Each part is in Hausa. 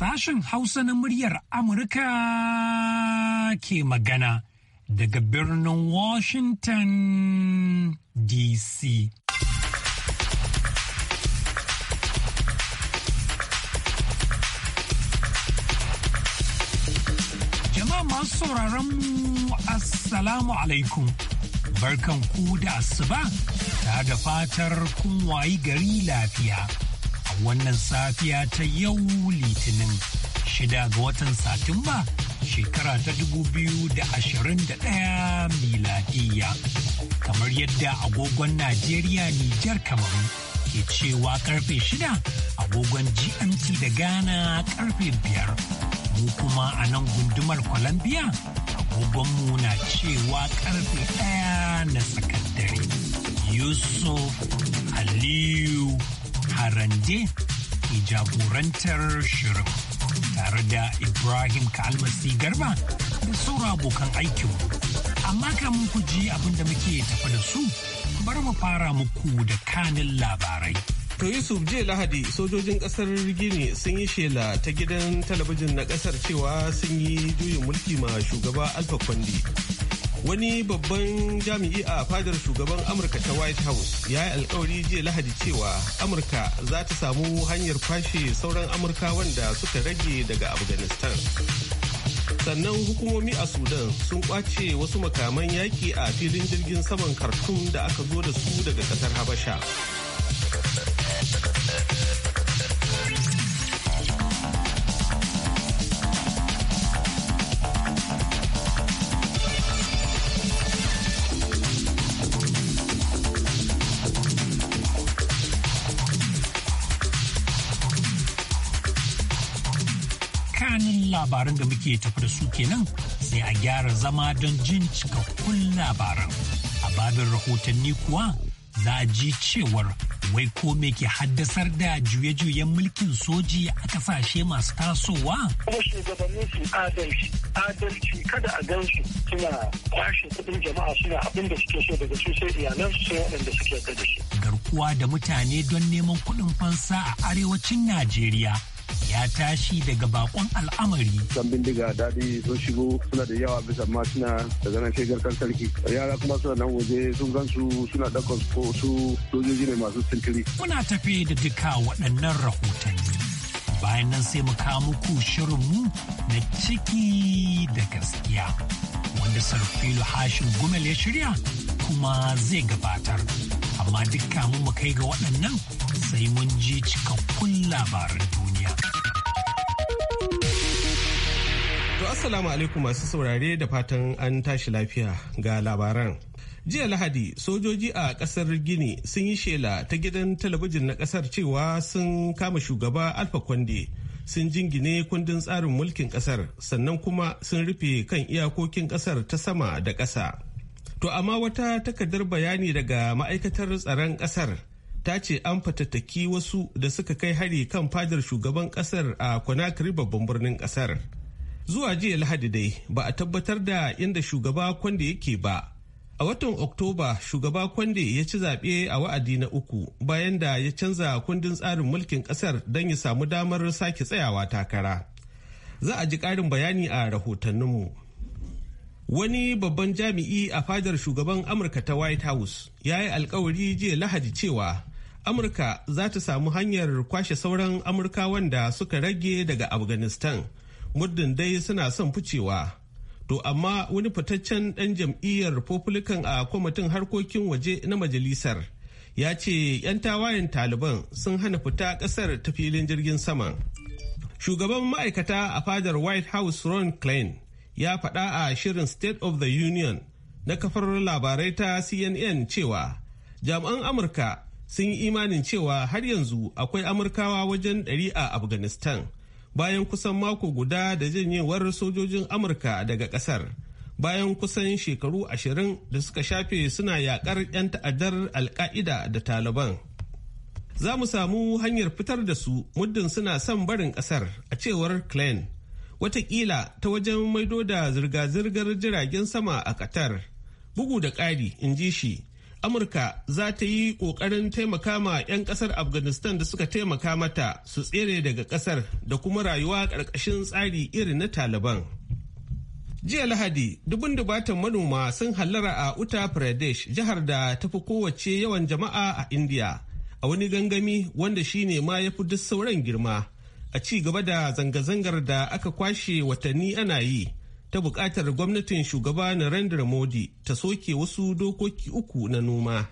sashen Hausa na muryar Amurka ke magana daga birnin Washington DC. Jama'a masu sauraron mu Assalamu alaikum. Barkan ku da asuba ta da fatar kun wayi gari lafiya. wannan safiya ta yau litinin shida ga watan satumba shekara ta dubu biyu da ashirin da ɗaya miladiya kamar yadda agogon najeriya nijar kamaru ke cewa karfe shida agogon gmt da ghana karfe biyar mu kuma a nan gundumar columbia agogonmu na cewa karfe ɗaya na sakandare, yusuf aliyu Harande ke jagorantar shirin tare da Ibrahim Kalmasi Garba da saura abokan aikin. Amma kamun ku ji abin muke tafi da su, bar mu fara muku da kanin labarai. To Yusuf jiya Lahadi sojojin kasar Gini sun yi shela ta gidan talabijin na kasar cewa sun yi juyin mulki ma shugaba Alfa Kwandi. wani babban jami'i a fadar shugaban amurka ta white house ya yi alkawari jiya lahadi cewa amurka za ta samu hanyar fashe sauran amurka wanda suka rage daga afghanistan sannan hukumomi a sudan sun kwace wasu makaman yaki a filin jirgin saman khartoum da aka zo da su daga kasar habasha labaran da muke tafi da su kenan sai a gyara zama don jin cikakkun labaran. A babin rahotanni kuwa za a ji cewar wai ko me ke haddasar da juye-juyen mulkin soji a kasashe masu tasowa? Kuma shugabanni su adalci, adalci kada a gan su suna kwashe kudin jama'a suna abin da suke so daga su sai iyalan su waɗanda suke da shi. Garkuwa da mutane don neman kuɗin fansa a arewacin Najeriya ya tashi daga bakon al'amari. San bindiga daɗi sun shigo suna da yawa bisa ma suna da zanen shegar kan sarki. Yara kuma suna nan waje sun gan su suna ɗaukar su sojoji ne masu sintiri. Muna tafe da duka waɗannan rahotanni. Bayan nan sai mu kawo muku mu na ciki da gaskiya. Wanda Sarfilu Hashim Gumel ya shirya kuma zai gabatar. Amma dukka mu kai ga waɗannan sai mun ji cikakkun labarin assalamu alaikum masu saurare da fatan an tashi lafiya ga labaran. Jiya Lahadi, sojoji a kasar Gini sun yi shela ta gidan talabijin na kasar cewa sun kama shugaba Alfa kwande Sun jingine kundin tsarin mulkin kasar sannan kuma sun rufe kan iyakokin kasar ta sama da ƙasa. To amma wata takardar bayani daga ma'aikatar tsaron kasar ta ce an fatattaki wasu da suka kai hari kan fadar shugaban kasar a Conakry babban birnin kasar. zuwa jiya lahadi dai ba a tabbatar da inda shugaba kwande yake ba a watan oktoba shugaba kwande ya ci zaɓe a wa'adi na uku bayan da ya canza kundin tsarin mulkin ƙasar don ya samu damar sake tsayawa takara za a ji ƙarin bayani a rahotanninmu wani babban jami'i a fadar shugaban amurka ta white house ya yi alkawari jiya lahadi cewa amurka za ta samu hanyar kwashe sauran amurkawan da suka rage daga afghanistan muddin dai suna son ficewa to amma wani fitaccen ɗan jam'iyyar republican a kwamitin harkokin waje na majalisar ya ce 'yan tawayen taliban sun hana fita ƙasar ta filin jirgin sama shugaban ma'aikata a fadar white house ron klein ya faɗa a shirin state of the union na kafar labarai ta cnn cewa jami'an amurka sun yi imanin cewa har yanzu akwai amurkawa wajen ɗari a afghanistan bayan kusan mako guda da janyewar sojojin amurka daga kasar bayan kusan shekaru ashirin da suka shafe suna yakar 'yan ta'addar alka'ida da taliban za mu samu hanyar fitar da su muddin suna son barin kasar a cewar klein watakila ta wajen maido da zirga-zirgar jiragen sama a qatar bugu da ƙari in ji shi amurka za ta yi ƙoƙarin taimaka ma 'yan ƙasar afghanistan da suka taimaka mata su tsere daga ƙasar da kuma rayuwa ƙarƙashin tsari irin na taliban jiya lahadi dubun dubatan manoma sun hallara a uttar pradesh jihar da ta fi kowace yawan jama'a a india a wani gangami wanda shi ne ma ya fi duk sauran girma a ci gaba da zanga-zangar da aka kwashe watanni ana yi ta buƙatar gwamnatin shugaba Narendra Modi ta soke wasu dokoki uku na noma.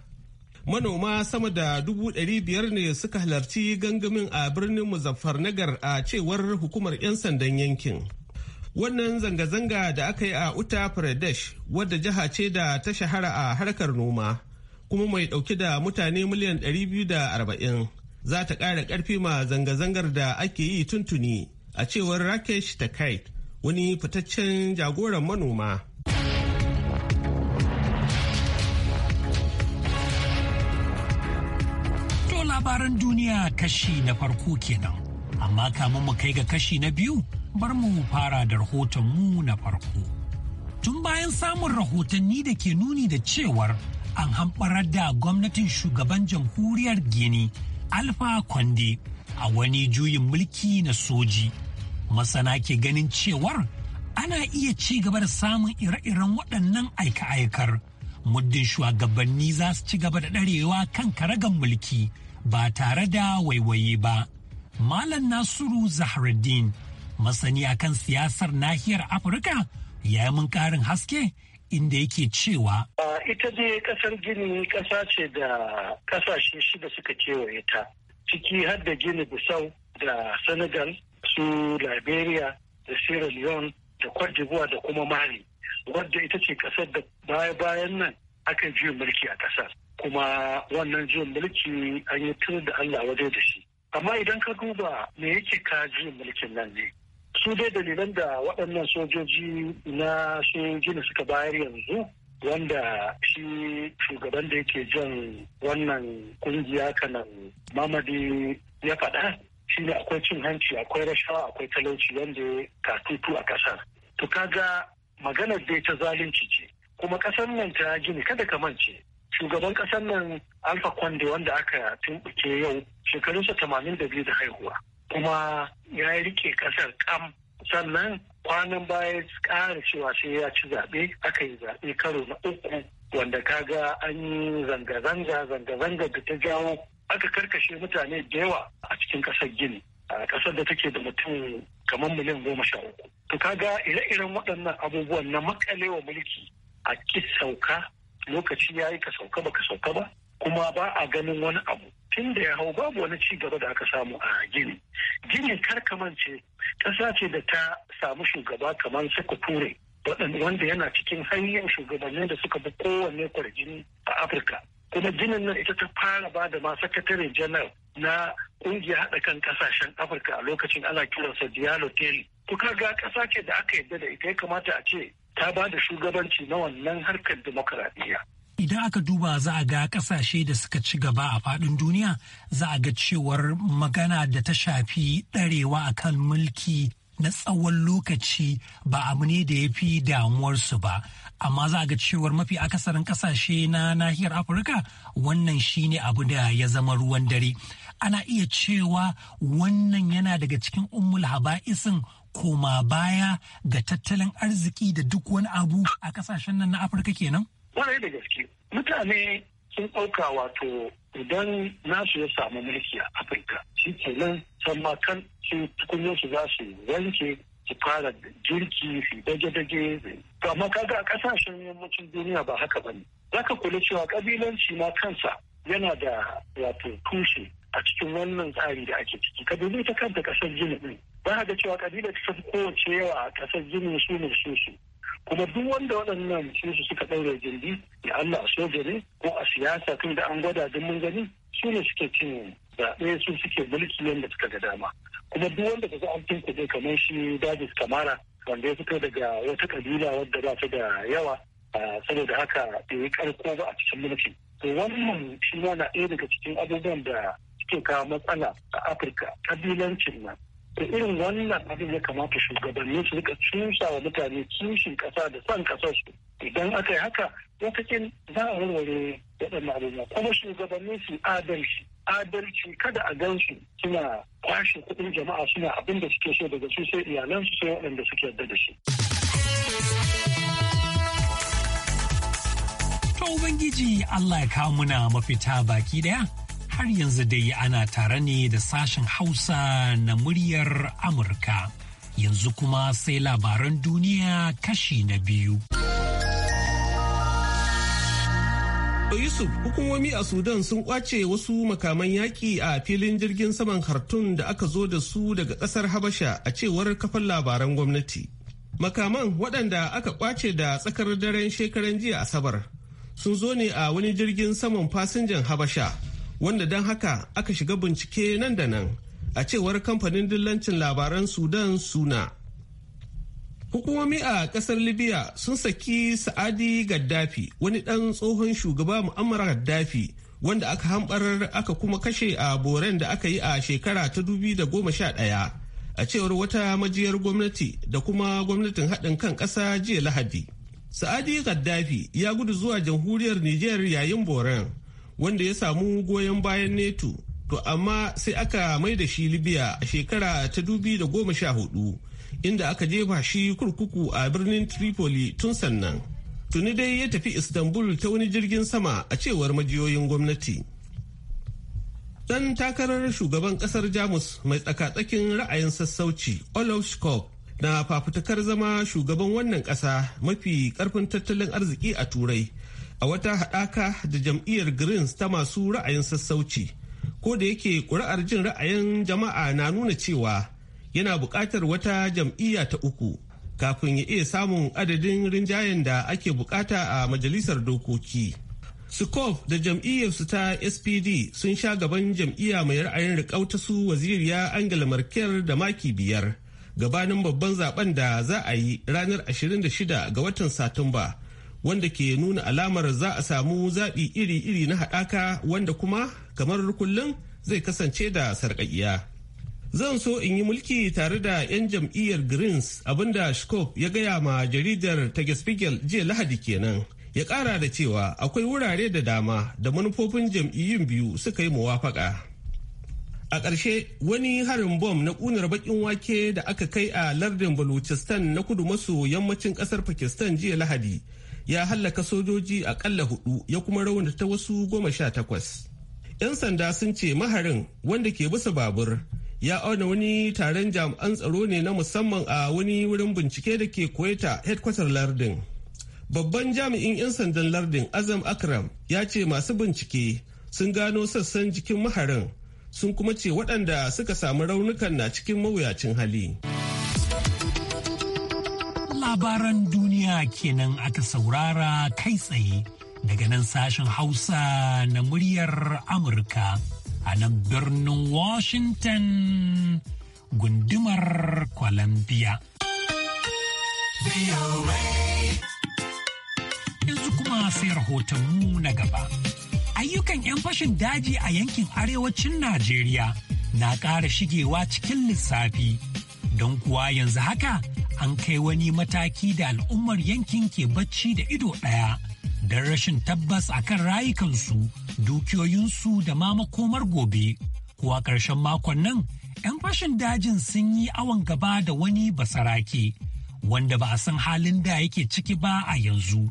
Manoma sama da dubu ɗari biyar ne suka halarci gangamin a birnin Muzaffar Nagar a cewar hukumar 'yan sandan yankin. Wannan zanga-zanga da aka yi a Uttar Pradesh wadda jiha ce da ta shahara a harkar noma kuma mai ɗauke da mutane miliyan biyu 240 za ta ƙara ƙarfi ma zanga-zangar da ake yi tuntuni a cewar Rakesh Takait wani fitaccen jagoran manoma. To labaran duniya kashi na farko kenan, amma kamun mu kai ga kashi na biyu bar mu fara da rahoton mu na farko. Tun bayan samun rahotanni da ke nuni da cewar an hamɓarar da gwamnatin shugaban jamhuriyar Gini, Alfa Kwande, a wani juyin mulki na soji. masana ke ganin cewar ana iya ci gaba da samun ire-iren waɗannan aika-aikar muddin shugabanni za su ci gaba da ɗarewa kan karagan mulki ba tare da waiwaye ba. Malam Nasiru Zahraddin masani kan siyasar nahiyar Afirka ya yi mun ƙarin haske inda yake cewa. Ita dai ƙasar Gini ƙasa ce da ƙasashe shida suka kewaye ta, ciki har da Gini bisau da Senegal su liberia da sierra leone da d'Ivoire da kuma mali wadda ita ce kasar da baya-bayan nan aka juyin mulki a kasar kuma wannan juyin mulki an yi tun da allah waje da shi amma idan ka duba me yake ka juyin mulkin nan ne su dai dalilan da waɗannan sojoji na sojina suka bayar yanzu wanda shi shugaban da yake jan wannan kungiya kanan mamadi ya faɗa shine akwai cin hanci akwai rashawa akwai talauci wanda ya katutu a kasar to kaga maganar dai ta zalunci ce kuma kasar nan ta gini kada ka mance shugaban kasar nan alfa kwande wanda aka tumbuke yau shekarun sa tamanin da biyu da haihuwa kuma ya rike kasar kam sannan kwanan baya ƙara cewa sai ya ci zaɓe aka yi zaɓe karo na uku wanda kaga an yi zanga-zanga zanga-zanga da ta jawo aka karkashe mutane da yawa a cikin kasar gini a ƙasar da take da mutum kamar miliyan goma sha uku to ga ire-iren waɗannan abubuwan na makalewa mulki a ki sauka lokaci ya yi ka sauka ba ka sauka ba kuma ba a ganin wani abu tun da ya hau babu wani ci gaba da aka samu a gini gini karkamance ƙasa ce da ta samu shugaba kamar sakature wanda yana cikin hanyar shugabannin da suka bi kowanne kwarjini a afirka kuma jinin nan ita ta fara ba da ma sakatare janar na kungiyar haɗa kan ƙasashen afirka a lokacin ana kiransa diallo teli kuka ga ƙasa ce da aka yadda da ita ya kamata a ce ta ba da shugabanci na wannan harkar dimokuraɗiyya idan aka duba za a ga kasashe da suka ci gaba a faɗin duniya za a ga cewar magana da ta shafi ɗarewa akan mulki na tsawon lokaci ba abu ne da ya fi damuwarsu ba amma za ga cewar mafi akasarin kasashe na nahiyar afirka wannan shine abu da ya zama ruwan dare ana iya cewa wannan yana daga cikin ummul haba'isin koma baya ga tattalin arziki da duk wani abu a kasashen nan na afirka kenan? Kwarai da gaske mutane sun ɗauka wato idan nasu ya samu mulki a afirka shi kenan san ma kan su tukunyarsu za su wanke su fara girki su dage-dage to amma kaga a ƙasashen yammacin duniya ba haka bane za ka kula cewa kabilanci ma kansa yana da wato tushe a cikin wannan tsari da ake ciki ka dubi ta kanta ƙasar gini ɗin Ba ka ga cewa ƙabila ta fi kowace yawa a ƙasar jini su ne su su kuma duk wanda waɗannan su suka ɗaure jirgi ya Allah a soja ne ko a siyasa tun da an gwada duk mun gani su ne suke cin zaɓe su suke mulki yadda suka ga dama kuma duk wanda kaga an kamar shi Davis Kamara wanda ya fito daga wata kabila wadda ba ta da yawa saboda haka bai yi karko ba a cikin mulki to wannan shi na ɗaya daga cikin abubuwan da suke kawo matsala a Afirka ƙabilancin nan da irin wannan abin ya kamata shugabanni su rika cusa wa mutane kishin kasa da son kasar su idan aka yi haka lokacin za a warware waɗannan abubuwa kuma shugabanni su adalci adalci kada a gan su suna kwashe kuɗin jama'a suna abin da suke so daga su sai iyalansu sai waɗanda suke yarda da shi. To Ubangiji Allah ya kawo muna mafita baki daya. har yanzu dai ana tare ne da sashen Hausa na muryar Amurka. Yanzu kuma sai labaran duniya kashi na biyu. Yusuf hukumomi a Sudan sun kwace wasu makaman yaƙi a filin jirgin saman hartun da aka zo da su daga ƙasar Habasha a cewar kafan labaran gwamnati. Makaman waɗanda aka kwace da tsakar daren shekaran jiya Asabar sun zo ne a wani jirgin saman fasinjan Habasha wanda don haka aka shiga bincike nan da nan a cewar kamfanin dillancin labaran sudan suna hukumomi a kasar libya sun saki sa'adi gaddafi wani dan tsohon shugaba mu'ammar gaddafi wanda aka hambarar aka kuma kashe a boren da aka yi a shekara ta ɗaya, a cewar wata majiyar gwamnati da kuma gwamnatin haɗin kan ƙasa jiya lahadi sa'adi gaddafi ya gudu zuwa jamhuriyar nijar yayin boren wanda ya samu goyon bayan neto to amma sai aka mai da shi libya a shekara ta dubi da goma sha hudu inda aka jefa shi kurkuku a birnin tripoli tun sannan tuni dai ya tafi istanbul ta wani jirgin sama a cewar majiyoyin gwamnati dan takarar shugaban kasar jamus mai tsakatsakin ra'ayin sassauci olaf scholz na fafutukar zama shugaban wannan kasa mafi karfin tattalin arziki a turai a wata haɗaka da jam'iyyar greens ta masu ra'ayin sassauci ko da yake ƙuri'ar jin ra'ayin jama'a na nuna cewa yana buƙatar wata jam'iyya ta uku kafin ya iya samun adadin rinjayen da ake buƙata a majalisar dokoki Sukov da jam'iyyarsu ta SPD sun sha gaban jam'iyya mai ra'ayin riƙau ta su waziriya Angela Merkel da maki biyar gabanin babban zaben da za a yi ranar 26 ga watan Satumba wanda ke nuna alamar za a samu zaɓi iri-iri na haɗaka wanda kuma kamar kullum zai kasance da sarƙaƙiya. Zan so in yi mulki tare da 'yan jam'iyyar Greens abinda Shkop ya gaya ma jaridar Tagespigel jiya Lahadi kenan. Ya ƙara da cewa akwai wurare da dama da manufofin jam'iyyun biyu suka yi muwafaka. A ƙarshe wani harin bom na ƙunar baƙin wake da aka kai a lardin Balochistan na kudu maso yammacin ƙasar Pakistan jiya Lahadi ya hallaka sojoji akalla hudu ya kuma raunata wasu goma sha takwas. 'Yan sanda sun ce maharin wanda ke bisa babur ya auna wani taron jami'an tsaro ne na musamman a wani wurin bincike da ke koyata headquarter lardin. Babban jami'in 'yan sandan lardin Azam Akram ya ce masu bincike sun gano sassan jikin maharin sun kuma ce waɗanda suka samu raunukan na cikin mawuyacin hali. Labaran duniya kenan aka saurara kai tsaye daga nan sashen Hausa na muryar Amurka a nan birnin Washington gundumar Columbia. Yanzu kuma sai rahotonmu na gaba. Ayyukan 'yan fashin daji a yankin arewacin Najeriya na ƙara shigewa cikin lissafi. Don kuwa yanzu haka an kai wani mataki da al'ummar yankin ke bacci da ido ɗaya don rashin tabbas a kan rayukansu dukiyoyinsu da ma makomar gobe kuwa ƙarshen makon nan 'yan fashin dajin sun yi awon gaba da wani basarake wanda ba a san halin da yake ciki ba a yanzu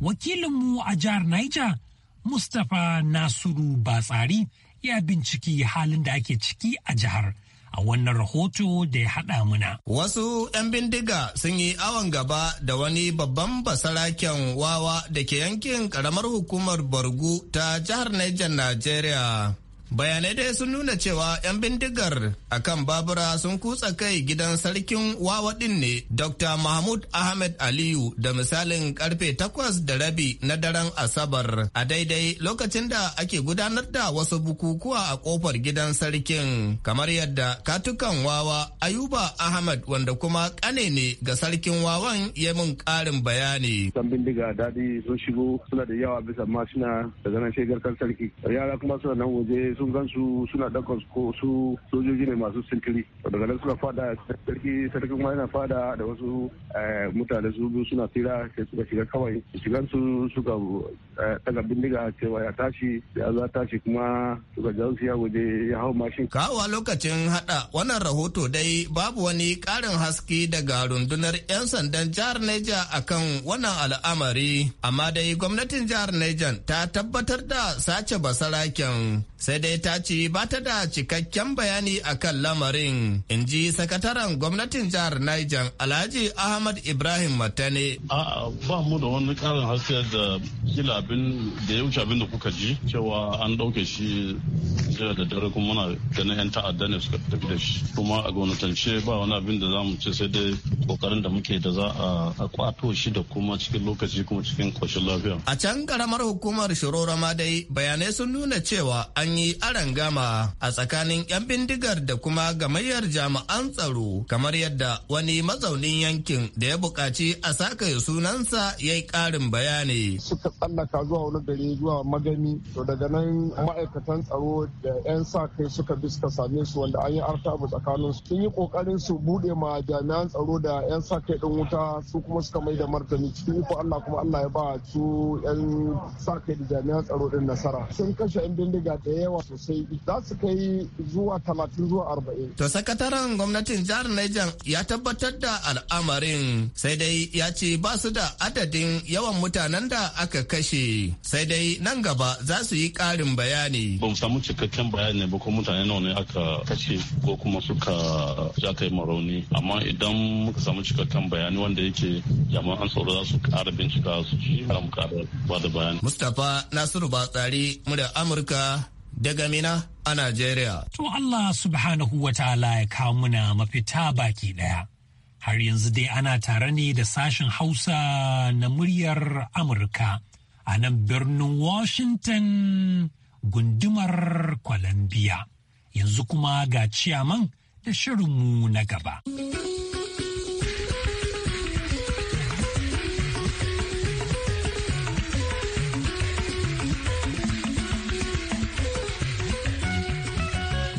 wakilinmu a jihar niger mustapha nasiru batsari ya binciki halin da ake ciki a jihar a wannan rahoto da ya haɗa muna. Wasu 'yan bindiga sun yi awon gaba da wani babban basaraken wawa da ke yankin ƙaramar hukumar Borgu ta jihar Niger Najeriya. bayanai dai sun nuna cewa 'yan bindigar a kan babura sun kutsa kai gidan sarkin wawaɗin ne dr mahmud ahmed aliyu da misalin karfe takwas da rabi na daren asabar a daidai lokacin da ake gudanar da wasu bukukuwa a kofar gidan sarkin kamar yadda katukan wawa ayuba ahmed wanda kuma kane ne ga sarkin wawan ya min karin bayani dan bindiga dadi sun shigo suna da yawa bisa mashina da zanen shegar kan sarki yara kuma suna nan waje sun su suna ɗaukar ko su sojoji ne masu sintiri daga nan suna fada sarki sarki kuma yana fada da wasu eh, mutane su biyu suna tira sai suka shiga kawai shigan su suka daga eh, bindiga cewa ya tashi ya za tashi kuma suka ja su ya waje ya hau mashin. kawowa lokacin hada wannan rahoto dai babu wani ƙarin haske daga rundunar 'yan sandan jihar Neja akan wannan al'amari amma dai gwamnatin jihar Neja ta tabbatar da sace basaraken sai dai ta ce ba ta da cikakken bayani a kan lamarin in ji sakataren gwamnatin jihar Niger Alhaji Ahmad Ibrahim Matane. A'a ba mu da wani karin haske da kila abin da ya wuce abin da kuka ji cewa an dauke shi jiya da dare kuma muna ganin 'yan ta'adda ne suka tafi da shi kuma a gwamnatance ba wani abin da za mu ce sai dai kokarin da muke da za a kwato shi da kuma cikin lokaci kuma cikin koshin lafiya. A can karamar hukumar Shirorama dai bayanai sun nuna cewa an an yi arangama a tsakanin 'yan bindigar da kuma gamayyar jami'an tsaro kamar yadda wani mazaunin yankin da ya buƙaci a saka sunansa ya yi ƙarin bayani. Suka tsallaka zuwa wani gari zuwa magani to daga nan ma'aikatan tsaro da 'yan sa kai suka bi suka same su wanda an yi artabu tsakanin su sun yi ƙoƙarin su buɗe ma jami'an tsaro da 'yan sa kai ɗin wuta su kuma suka mai da martani cikin iko Allah kuma Allah ya ba su 'yan sa kai da jami'an tsaro ɗin nasara. Sun kashe 'yan bindiga da yawa sosai za su kai zuwa talatin zuwa arba'in. To sakataren gwamnatin jihar Niger ya tabbatar da al'amarin sai dai ya ce ba su da adadin yawan mutanen da aka kashe sai dai nan gaba za su yi ƙarin bayani. Ba mu samu cikakken bayani ba ko mutane nawa ne aka kashe ko kuma suka ja kai marauni amma idan muka samu cikakken bayani wanda yake jama'an tsoro za su ƙara bincika su ci mu ƙara ba da bayani. Mustapha Nasiru Batsari murya Amurka daga Mina a Najeriya. To Allah subhanahu wa ta'ala ya kawo muna mafita baki daya. Har yanzu dai ana tare ne da sashen Hausa na muryar Amurka a nan birnin Washington gundumar Columbia. Yanzu kuma ga ciyaman da shirinmu na gaba.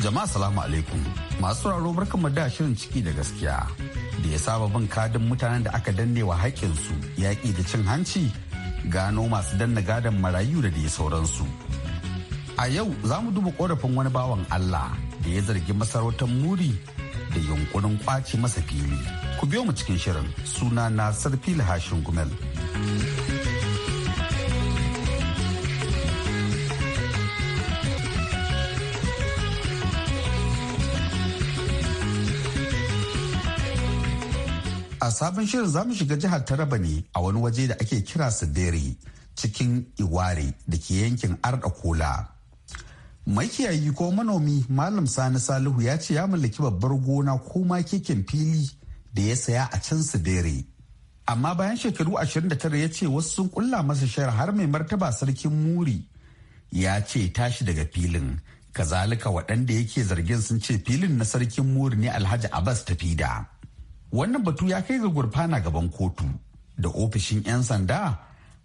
Jama'a salamu alaikum masu sauraro barkanmu da shirin ciki da gaskiya da ya saba bin kadin mutanen da aka danne wa haƙƙinsu yaƙi da cin hanci gano masu danna gadon marayu da dai sauransu. A yau za mu duba korafin wani bawan Allah da ya zargi masarautar muri da yunkurin kwaci masa fili. Ku biyo mu cikin shirin suna na sarfi Hashin Gumel. A sabon shirin za mu shiga jihar Taraba ne a wani waje da ake kira Sidere cikin Iware da ke yankin Arda Kola. Makiyayi ko manomi Malam Sani Salihu ya ce ya mallaki babbar gona ko ma kekin fili da ya saya a can Sidere. Amma bayan shekaru 29 ya ce wasu sun kulla masa shayar har mai martaba sarkin muri ya ce tashi daga filin. Kazalika waɗanda yake zargin sun ce filin na sarkin muri ne Alhaji Abbas Tafida. wannan batu ya kai ga gurfana gaban kotu da ofishin 'yan sanda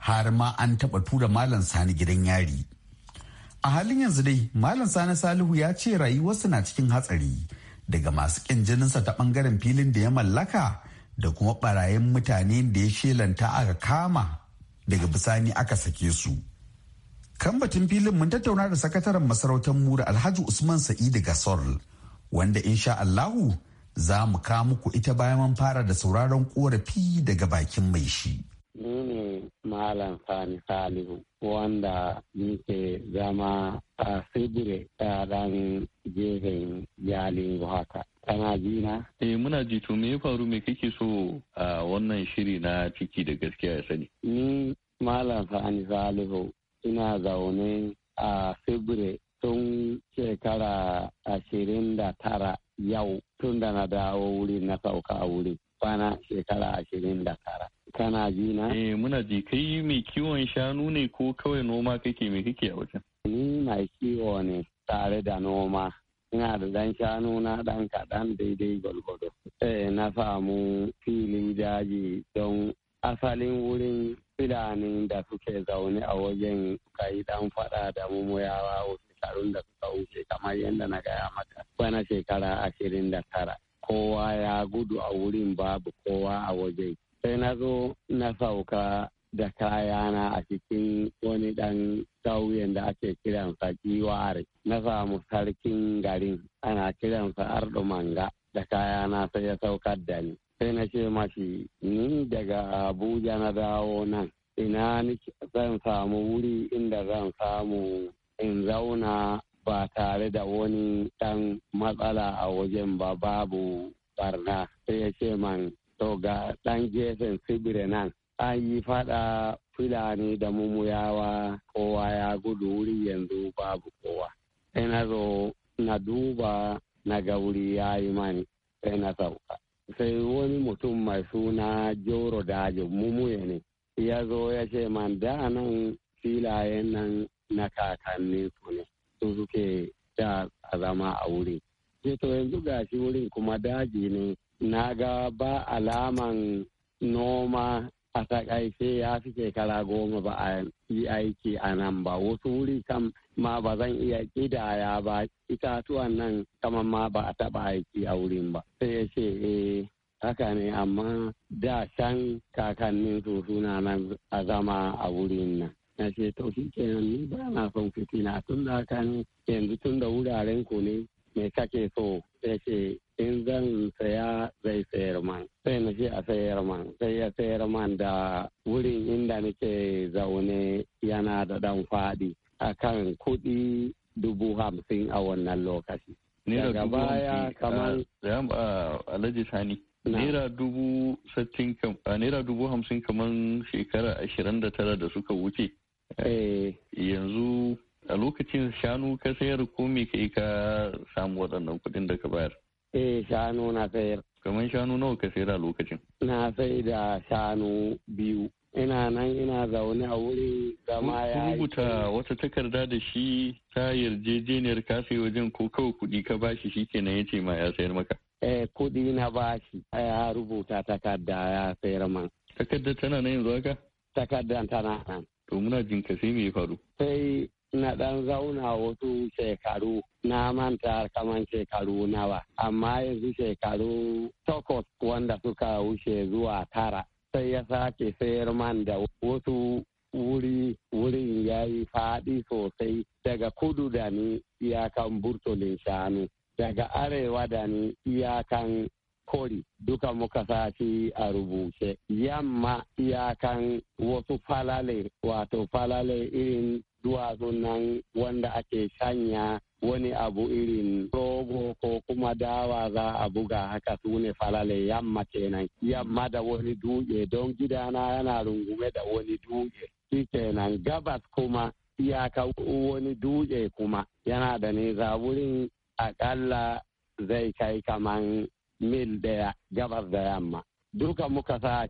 har ma an taɓa tura malam sani gidan yari a halin yanzu dai malam sani salihu ya ce rayuwarsa na cikin hatsari daga masu ƙin jininsa ta ɓangaren filin da ya mallaka da kuma ɓarayin mutane da ya shelanta aka kama daga bisani aka sake su kan batun filin mun tattauna da sakataren masarautar mura alhaji usman sa'idu gasol wanda insha allahu za mu ka muku ita bayan mun fara da sauraron korafi daga bakin mai shi. Ni ne Malam Sani Salihu wanda nike zama a Sibire ta dan gefen Jalingo haka. Kana ji na? Eh muna ji to me ya faru me kake so a wannan shiri na ciki da gaskiya ya sani? Ni Malam Sani Salihu ina zaune a Sibire tun shekara ashirin da tara yau tun da na dawo wuri na sauka a wuri kwana shekara ashirin da tara. Kana ji na? Eh muna ji kai mai kiwon shanu ne ko kawai noma kake mai kake a wajen? Ni mai kiwo ne tare da noma. Ina da dan shanu na dan kaɗan daidai gwalgwado. Eh na samu fili daji don asalin wurin filanin da suke zaune a wajen kayi dan faɗa da mumuyawa wasu shekarun da suka wuce kamar yadda na gaya maka bana shekara ashirin da tara kowa ya gudu a wurin babu kowa a waje sai na zo na sauka da kayana a cikin wani dan sauyin da ake kiransa giware na samu sarkin garin ana kiransa ardo manga da kayana sai ya saukar da ni sai na ce mashi ni daga abuja na dawo nan ina zan samu wuri inda zan samu in zauna ba tare da wani ɗan matsala a wajen ba babu barna sai ya ce man to ga ɗan gefen sibire nan an yi faɗa fulani da mumuyawa kowa ya gudu wuri yanzu babu kowa sai na zo na duba na wuri ya yi mani sai na sauka sai wani mutum mai suna joro dajin mumuye ne ya zo ya ce man da nan filayen nan na kakannin su ne su suke da a zama a wurin. Sai to yanzu gashi wurin kuma daji ne na ga ba alaman noma a takaice ya fi shekara goma ba a yi aiki a nan ba wasu wuri kam ma ba zan iya kidaya ba itatuwan nan kamar ma ba a taba aiki a wurin ba sai ya ce eh haka ne amma da can kakannin su suna nan a zama a wurin nan na ce to shi kenan ni ba na son fitina tun da kan yanzu tun da wuraren ku ne me kake so ya ce in zan saya zai sayar man sai na ce a sayar man sai ya sayar man da wurin inda nake zaune yana da dan a akan kuɗi dubu hamsin a wannan lokaci daga baya kamar alhaji sani Naira dubu naira dubu hamsin kamar shekara ashirin da tara da suka wuce Eh. Eh, yanzu a lokacin shanu ka sayar ko me kai ka samu waɗannan kuɗin da ka bayar eh shanu na sayar kamar shanu nawa ka sayar a lokacin na sai da shanu biyu ina nan ina zaune a wuri zama ya yi. rubuta wata takarda da shi ta yarjejeniyar ka wajen ko kawai kuɗi ka bashi shi kenan ya ce ma ya sayar maka eh kuɗi na bashi ya rubuta takarda ya sayar man Takarda tana nan yanzu haka Takardan tana nan to muna jin ka sai me faru sai na dan zauna wasu shekaru na manta kaman shekaru nawa amma yanzu shekaru takwas wanda suka wuce zuwa tara sai ya sake sayar man da wasu wuri wurin ya yi faɗi sosai daga kudu da ni iyakan burtolin shanu daga arewa da ni iyakan kori duka muka sati a rubuce yamma iyakan wasu falale wato falale irin duwatsun nan wanda ake shanya wani abu irin rogo ko kuma dawa za a buga haka su ne falale yamma kenan yamma da wani duke don gidana yana rungume da wani duke. shi kenan gabas kuma iyaka wani duke kuma yana da nisa wurin akalla zai kai kaman mil daya gabar da yamma duka muka sa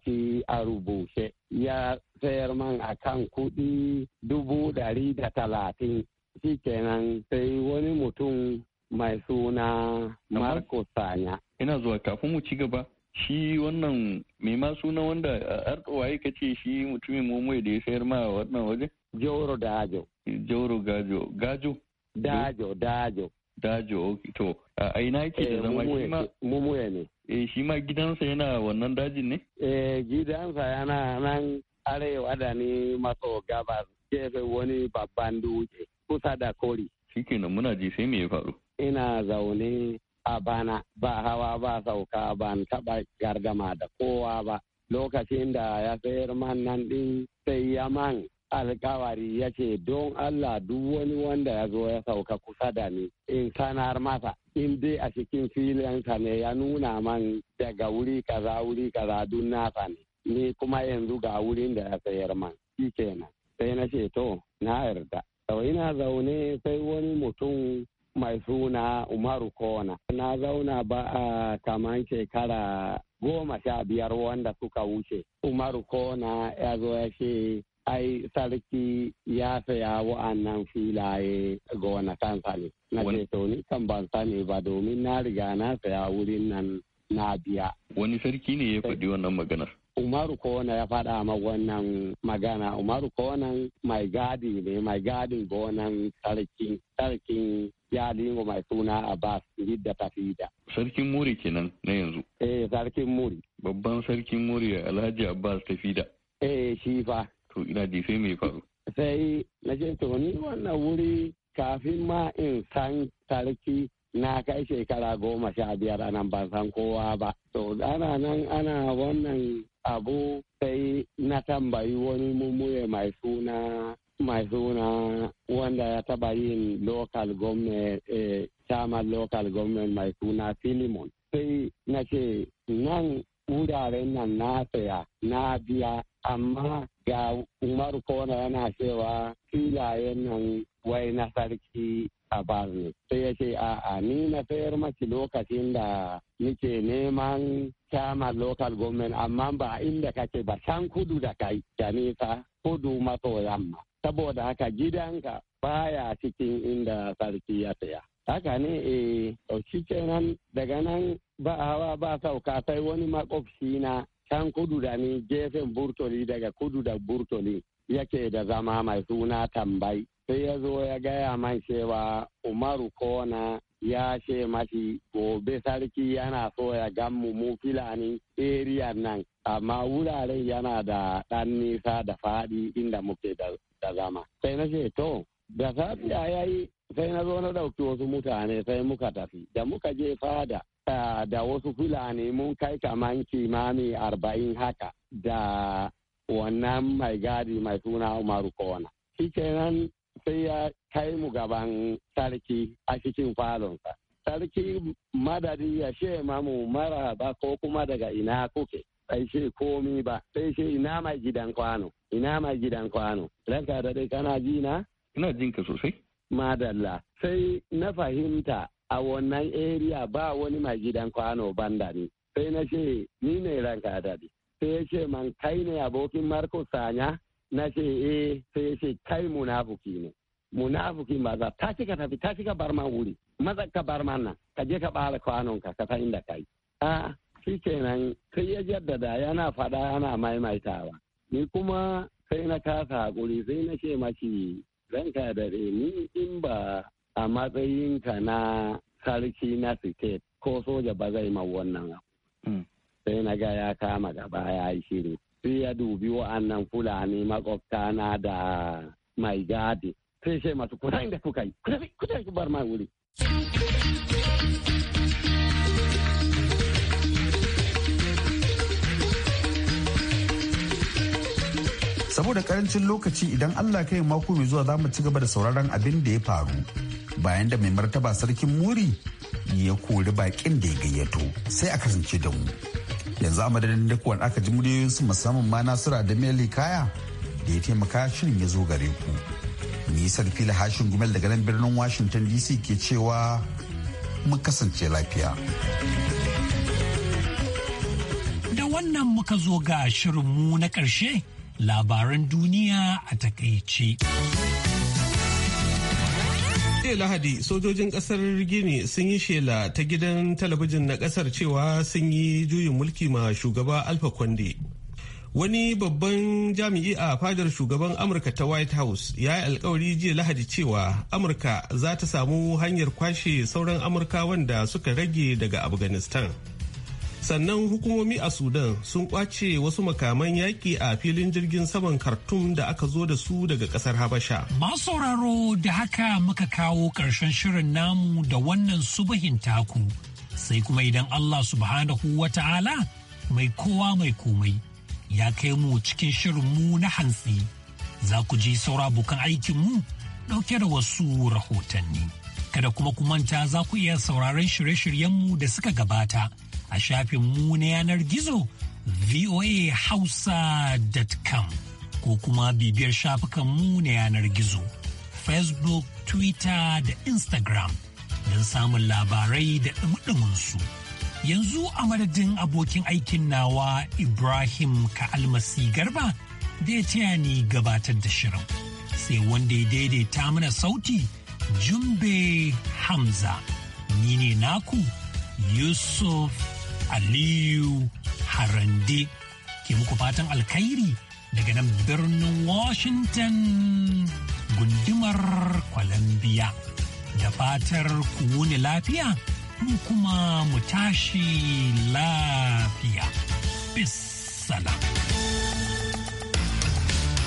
a rubuce ya sayar man a kan kuɗi dubu ɗari da talatin shi kenan sai wani mutum mai suna Marco Sanya. Ina zuwa kafin mu ci gaba shi wannan mai ma suna wanda arɗowaye ka ce shi mutumin mummuwa da ya sayar ma wannan waje? Jauro Dajo. Jauro Gajo. Gajo? Dajo, Dajo. dajo to a aina yake da eh, zama shi ma mumuya ne eh shi ma gidansa yana wannan dajin ne eh gidansa yana nan arewa da ne maso gabas gefe wani babban dutse kusa da kori shikenan muna ji sai me ya faru ina zaune a bana ba hawa ba sauka ban taba gargama da kowa ba lokacin da ya sayar man nan din sai ya man alkawari ya ce don Allah duk wani wanda ya zo ya sauka kusa da ni in sanar masa in dai a cikin filinsa ne ya nuna man daga wuri kaza wuri kaza duk nasa ne ni kuma yanzu ga wurin da ya sayar man shi kenan sai na ce to na yarda sau ina zaune sai wani mutum mai suna umaru kona na zauna ba a kaman shekara goma sha biyar wanda suka wuce umaru kona ya zo ya ce ai sarki ya saya wa'annan filaye kansa ne na ce to ni kan ban sani ba domin na riga na saya wurin nan na biya wani sarki ne ya faɗi wannan maganar Umaru Kona ya faɗa ma wannan magana. Umaru Kona mai gadi ne, mai gadin gonan sarkin sarkin yalingo mai suna Abbas gidda Tafida. Sarkin Muri kenan na yanzu. Eh, sarkin Muri. Babban sarkin Muri Alhaji Abbas Tafida. Eh, shi fa. to ina ji sai mai faru sai na ce to ni wannan wuri kafin ma in san sarki na kai shekara goma sha biyar anan ban san kowa ba to ana nan ana wannan abu sai na tambayi wani mummuye mai suna mai suna wanda ya taba yin local government eh, chairman local government mai suna filimon sai na ce nan wuraren nan na saya na biya amma ga umaru kona yana cewa filayen nan wai na sarki a barne sai ya ce a'a ni na sayar maki lokacin da nike neman kama local government amma ba inda kake ba san kudu da kai da nisa kudu maso yamma saboda haka gidanka baya cikin inda sarki ya saya haka ne eh ɗauki kenan daga nan ba hawa ba sauka sai wani makwabci na can kudu da ni gefen burtoli daga kudu da burtoli yake da zama mai suna tambai sai ya zo ya gaya man cewa umaru kona ya ce mashi gobe sarki yana so ya gammu mu filani area nan amma wuraren yana da ɗan nisa da faɗi inda muke da zama sai na ce to da safiya ya yi sai na zo na ɗauki wasu mutane sai muka tafi da muka je fada da wasu fulani mun kai kaman kimami arba'in haka da wannan mai gadi mai suna umaru kowana shi kenan sai ya kai mu gaban sarki a cikin falonsa sarki madadi ya ce mamu mara ba ko kuma daga ina kuke sai ce komi ba sai ce ina mai gidan kwano ina mai gidan kwano ranka da dai kana ji Ina jin ka sosai. Madalla, sai na fahimta a wannan area ba wani mai gidan kwano banda ne. Sai na ce, ni ne ranka daɗi. Sai ya ce, man kai ne abokin Marko Sanya? Na ce, eh, sai ya ce, kai munafuki ne. Munafuki za, ta ka tafi, ta ka bar man wuri. Maza ka bar man nan, ka je ka bara kwanonka, ka san inda kai. Ah, shi kenan sai ya jaddada yana faɗa yana maimaitawa. Ni kuma sai na kasa hakuri sai na ce mashi ranka da ni in ba a matsayinka na sarki na siket ko soja ba zai ma wannan abu. Hmm. Sai na ga ya kama gaba ya yi shiru. Sai ya dubi wa'annan Fulani makwabta na da mai gadi. Sai masu kusan da kuka yi, kusan bar mai wuri. saboda karancin lokaci idan allah kai mako mai zuwa za mu ci gaba da sauraron abin da ya faru bayan da mai martaba sarkin muri ya kori bakin da ya gayyato sai a kasance da mu yanzu a madadin dakuwan aka ji su musamman ma nasira da meli kaya da ya taimaka shirin ya zo gare ku nisar sarki hashin gumel daga nan birnin washington dc ke cewa mu kasance lafiya da wannan muka zo ga shirinmu na ƙarshe labaran duniya a takaice. jiya lahadi sojojin kasar gini sun yi shela ta gidan talabijin na kasar cewa sun yi juyin mulki ma shugaba alfa kwande wani babban jami'i a fadar shugaban amurka ta white house ya yi alkawari jiya lahadi cewa amurka za ta samu hanyar kwashe sauran amurka wanda suka rage daga afghanistan sannan hukumomi a sudan sun kwace wasu makaman yaƙi a filin jirgin saman khartoum da aka zo da su daga ƙasar habasha masu sauraro da haka muka kawo ƙarshen shirin namu da wannan subahin taku sai kuma idan allah subhanahu wa ta'ala mai kowa mai komai ya kai mu cikin shirin mu na hantsi za ku ji saura bukan aikinmu ɗauke da wasu rahotanni kada kuma ku manta za ku iya sauraron shirye-shiryenmu da suka gabata a shafin mu na yanar gizo voahausa.com ko kuma bibiyar shafukan mu na yanar gizo facebook twitter da instagram don samun labarai da su yanzu a madadin abokin aikin nawa ibrahim ka'almasi garba da ya taya ni gabatar da shirin sai wanda ya daidaita mana sauti jumbe hamza ni ne naku yusuf Aliyu Harande ke muku fatan alkhairi daga nan birnin Washington gundumar Columbia. Da fatar ku wuni lafiya, mu kuma mu tashi lafiya. Bis salam.